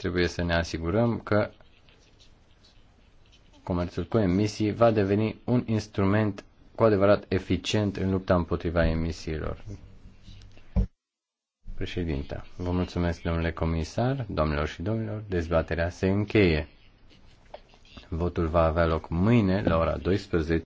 Trebuie să ne asigurăm că comerțul cu emisii va deveni un instrument cu adevărat eficient în lupta împotriva emisiilor. Președinte, vă mulțumesc, domnule comisar, domnilor și domnilor, dezbaterea se încheie. Votul va avea loc mâine la ora 12.